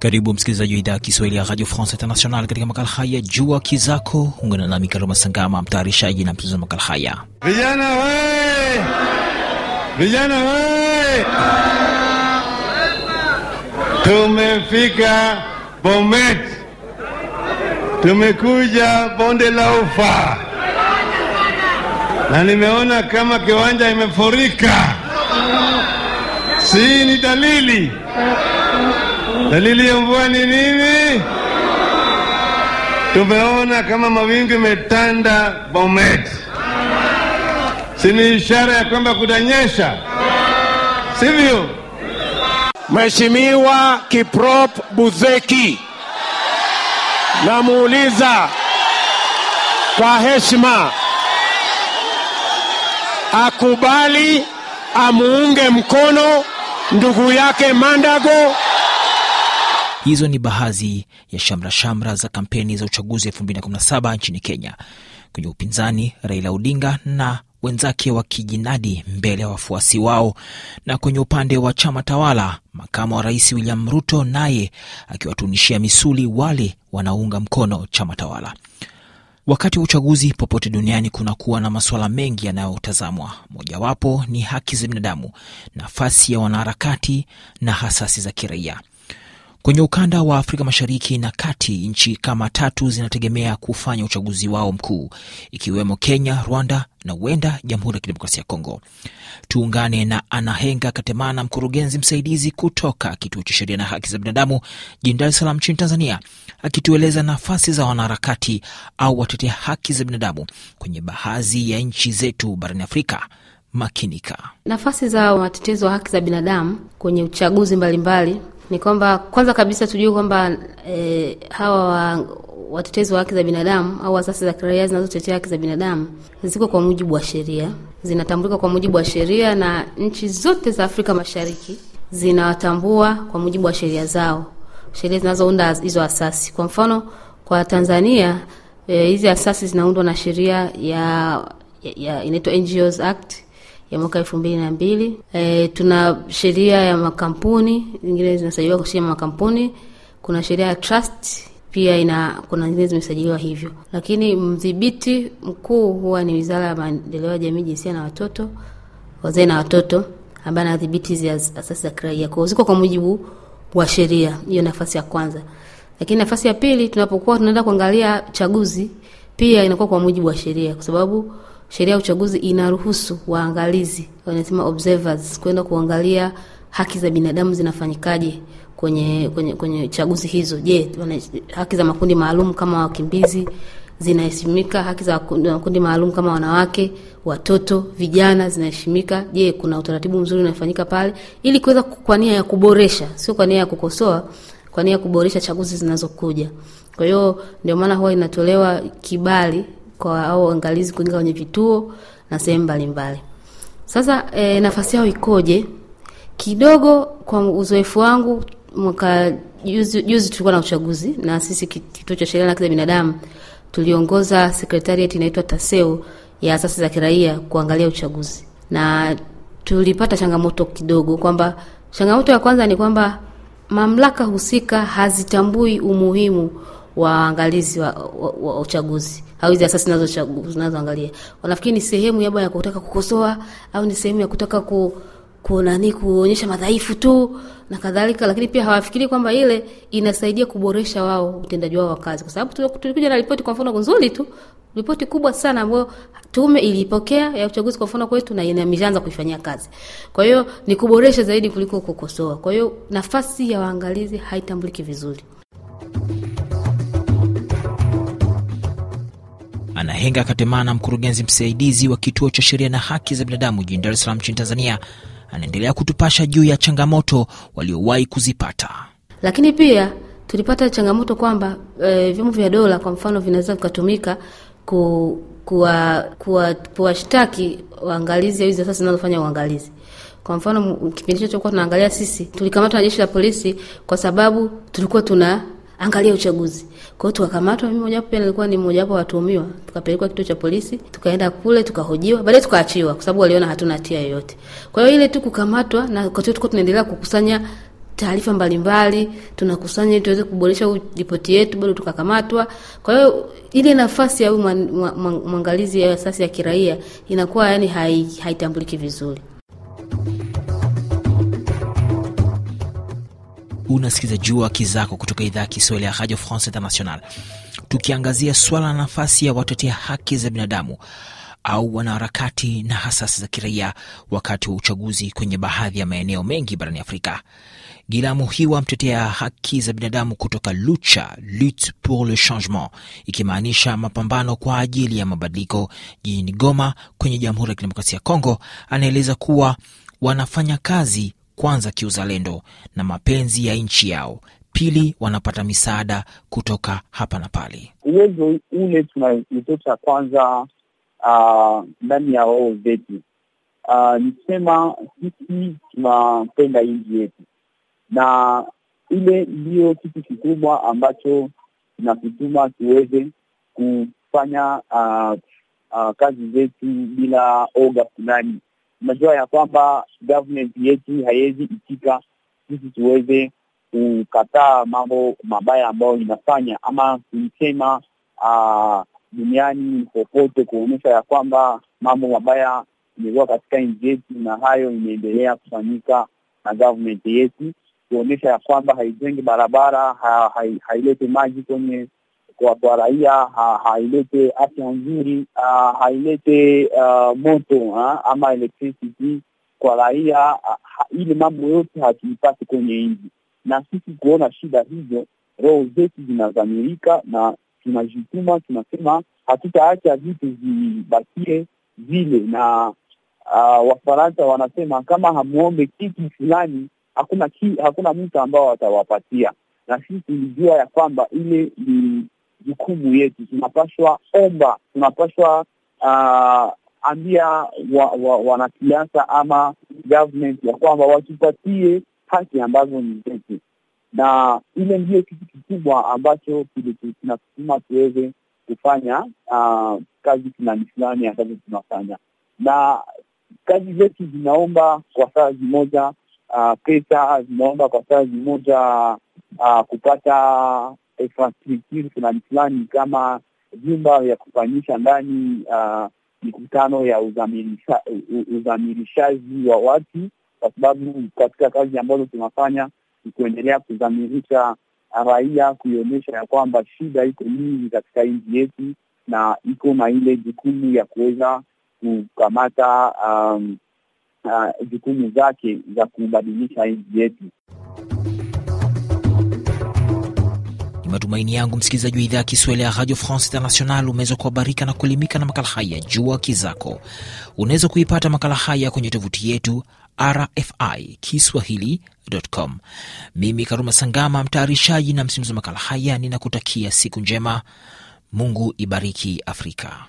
Karibu msikilizaji wa idhaa ya Kiswahili ya Radio France International katika makala haya Jua Kizako. Ungana nami Karoma Sangama, mtayarishaji na mtunzi wa makala haya. Vijana we! Vijana we! Tumefika Bomet, tumekuja bonde la Ufa na nimeona kama kiwanja imefurika Si ni dalili. Dalili ya mvua ni nini? Tumeona kama mawingu imetanda Bomet. Si ni ishara ya kwamba kutanyesha, sivyo? Mheshimiwa Kiprop Buzeki, namuuliza kwa heshima, akubali amuunge mkono ndugu yake Mandago. Hizo ni baadhi ya shamra shamra za kampeni za uchaguzi 2017 nchini Kenya. Kwenye upinzani, Raila Odinga na wenzake wa kijinadi mbele ya wafuasi wao, na kwenye upande wa chama tawala, makamu wa rais William Ruto naye akiwatunishia misuli wale wanaounga mkono chama tawala. Wakati wa uchaguzi popote duniani kunakuwa na masuala mengi yanayotazamwa. Mojawapo ni haki za binadamu, nafasi ya wanaharakati na hasasi za kiraia. Kwenye ukanda wa Afrika Mashariki na Kati, nchi kama tatu zinategemea kufanya uchaguzi wao mkuu, ikiwemo Kenya, Rwanda na huenda Jamhuri ya Kidemokrasia ya Kongo. Tuungane na Anahenga Katemana, mkurugenzi msaidizi kutoka Kituo cha Sheria na Haki za Binadamu jijini Dar es Salaam nchini Tanzania, akitueleza nafasi za wanaharakati au watetea haki za binadamu kwenye baadhi ya nchi zetu barani Afrika. Makinika. Nafasi za watetezi wa haki za binadamu kwenye uchaguzi mbalimbali mbali ni kwamba kwanza kabisa tujue kwamba e, hawa watetezi wa haki za binadamu au asasi za kiraia zinazotetea haki za binadamu ziko kwa mujibu wa sheria, zinatambulika kwa mujibu wa sheria, na nchi zote za Afrika Mashariki zinawatambua kwa mujibu wa sheria zao, sheria zinazounda hizo asasi. Kwa mfano kwa Tanzania eh, hizi e, asasi zinaundwa na sheria ya, ya, ya inaitwa NGOs Act ya mwaka elfu mbili na mbili. E, tuna sheria ya makampuni zingine zinasajiliwa kwa sheria ya makampuni. Kuna sheria ya trust pia ina kuna zingine zimesajiliwa hivyo, lakini mdhibiti mkuu huwa ni Wizara ya Maendeleo ya Jamii, Jinsia na Watoto, wazee na watoto, ambaye anadhibiti asasi za kiraia kwao, ziko kwa mujibu wa sheria hiyo. Nafasi ya kwanza, lakini nafasi ya pili, tunapokuwa tunaenda kuangalia chaguzi, pia inakuwa kwa mujibu wa sheria, kwa sababu sheria ya uchaguzi inaruhusu waangalizi, wanasema observers, kwenda kuangalia haki za binadamu zinafanyikaje kwenye, kwenye, kwenye chaguzi hizo. Je, haki za makundi maalum kama wakimbizi zinaheshimika? Haki za makundi maalum kama wanawake, watoto, vijana zinaheshimika? Je, kuna utaratibu mzuri unafanyika pale, ili kuweza kwa nia ya kuboresha, sio kwa nia ya kukosoa, kwa nia ya kuboresha chaguzi zinazokuja. Kwa hiyo ndio maana huwa inatolewa kibali kwa au angalizi kuingia kwenye vituo na sehemu mbalimbali. Sasa e, nafasi yao ikoje? Kidogo kwa uzoefu wangu, mwaka juzi juzi tulikuwa na uchaguzi, na sisi kituo cha sheria na haki za binadamu tuliongoza sekretariat inaitwa TASEU ya asasi za kiraia kuangalia uchaguzi, na tulipata changamoto kidogo, kwamba changamoto ya kwanza ni kwamba mamlaka husika hazitambui umuhimu waangalizi wa, wa, wa uchaguzi au hizi asasi zinazoangalia, wanafikiri ni sehemu labda ya kutaka kukosoa au ni sehemu ya kutaka ku, ku nani kuonyesha madhaifu tu na kadhalika, lakini pia hawafikiri kwamba ile inasaidia kuboresha wao utendaji wao wa kazi, kwa sababu tulikuja na ripoti kwa mfano nzuri tu ripoti kubwa sana ambayo tume iliipokea ya uchaguzi kwa mfano kwetu, na imeshaanza kuifanyia kazi. Kwa hiyo ni kuboresha zaidi kuliko kukosoa. Kwa hiyo nafasi ya waangalizi haitambuliki vizuri. Henga Katemana, mkurugenzi msaidizi wa kituo cha sheria na haki za binadamu jijini Dar es Salaam nchini Tanzania, anaendelea kutupasha juu ya changamoto waliowahi kuzipata. Lakini pia tulipata changamoto kwamba e, vyombo vya dola kwa mfano vinaweza vikatumika ku kuwashtaki waangalizi au asasi zinazofanya uangalizi. Kwa mfano, kipindi hicho tulikuwa tunaangalia sisi, tulikamatwa na jeshi la polisi kwa sababu tulikuwa tuna angalia uchaguzi. Kwa hiyo tukakamatwa, mimi mojawapo pia nilikuwa ni mmojawapo watuhumiwa, tukapelekwa kituo cha polisi, tukaenda kule tukahojiwa, baadaye tukaachiwa kwa sababu waliona hatuna hatia yoyote. Kwa hiyo ile tu kukamatwa, na wakati huo tulikuwa tunaendelea kukusanya taarifa mbalimbali tunakusanya ili tuweze kuboresha ripoti yetu, bado tukakamatwa. Kwa hiyo ile nafasi ya huyu mwangalizi ya asasi ya kiraia inakuwa yani haitambuliki hai vizuri. Unasikiza Jua Haki Zako kutoka idhaa ya Kiswahili ya Radio France International, tukiangazia swala la nafasi ya watetea haki za binadamu au wanaharakati na hasasi za kiraia wakati wa uchaguzi kwenye baadhi ya maeneo mengi barani Afrika. Gilamu Hiwa, mtetea haki za binadamu kutoka Lucha, lut pour le Changement, ikimaanisha mapambano kwa ajili ya mabadiliko, jijini Goma kwenye Jamhuri ya Kidemokrasia ya Kongo, anaeleza kuwa wanafanya kazi kwanza kiuzalendo na mapenzi ya nchi yao, pili wanapata misaada kutoka hapa na pale. Uwezo ule tunaitota kwanza ah, ndani uh, ya roho zetu uh, ah, ni sisi tunapenda nji yetu, na ile ndiyo kitu kikubwa ambacho kinakutuma tuweze kufanya uh, uh, kazi zetu bila oga fulani Unajua ya kwamba government yetu haiwezi itika sisi tuweze kukataa mambo mabaya ambayo inafanya ama kuisema ah, duniani popote, kuonyesha ya kwamba mambo mabaya imekuwa katika nji yetu, na hayo imeendelea kufanyika na government yetu, kuonyesha ya kwamba haijengi barabara, hailete maji kwenye kwa, kwa raia ha, hailete afya nzuri ha, hailete uh, moto ha, ama electricity kwa raia ha, ile mambo yote hatuipate kwenye nji, na sisi kuona shida hizo, roho zetu zinazamirika na tunajituma, tunasema hatutaacha vitu zibakie vile, na uh, Wafaransa wanasema kama hamwombe kitu fulani hakuna ki, hakuna mtu ambao watawapatia, na sisi tulijua ya kwamba ile ni jukumu yetu, tunapaswa omba, tunapaswa uh, ah, ambia wanasiasa wa, wa ama government ya kwamba watupatie haki ambazo ni zetu, na ile ndiyo kitu kikubwa ambacho kinatutuma tuweze kufanya uh, kazi fulani fulani ambazo tunafanya, na kazi zetu zinaomba kwa saa zimoja uh, pesa zinaomba kwa saa zimoja uh, kupata infrastructure fulani fulani kama vyumba vya kufanyisha ndani uh, mikutano uh, ya uzamirishaji wa watu, kwa sababu katika kazi ambazo tunafanya ni kuendelea kuzamirisha raia, kuionyesha ya kwamba shida iko nyingi katika nchi yetu, na iko na ile jukumu ya kuweza kukamata um, uh, jukumu zake za kubadilisha nchi yetu. Ni matumaini yangu msikilizaji wa idhaa ya Kiswahili ya Radio France International umeweza kuhabarika na kuelimika na makala haya Jua Kizako. Unaweza kuipata makala haya kwenye tovuti yetu RFI Kiswahili.com. Mimi Karuma Sangama, mtayarishaji na msimuzi wa makala haya, ninakutakia siku njema. Mungu ibariki Afrika.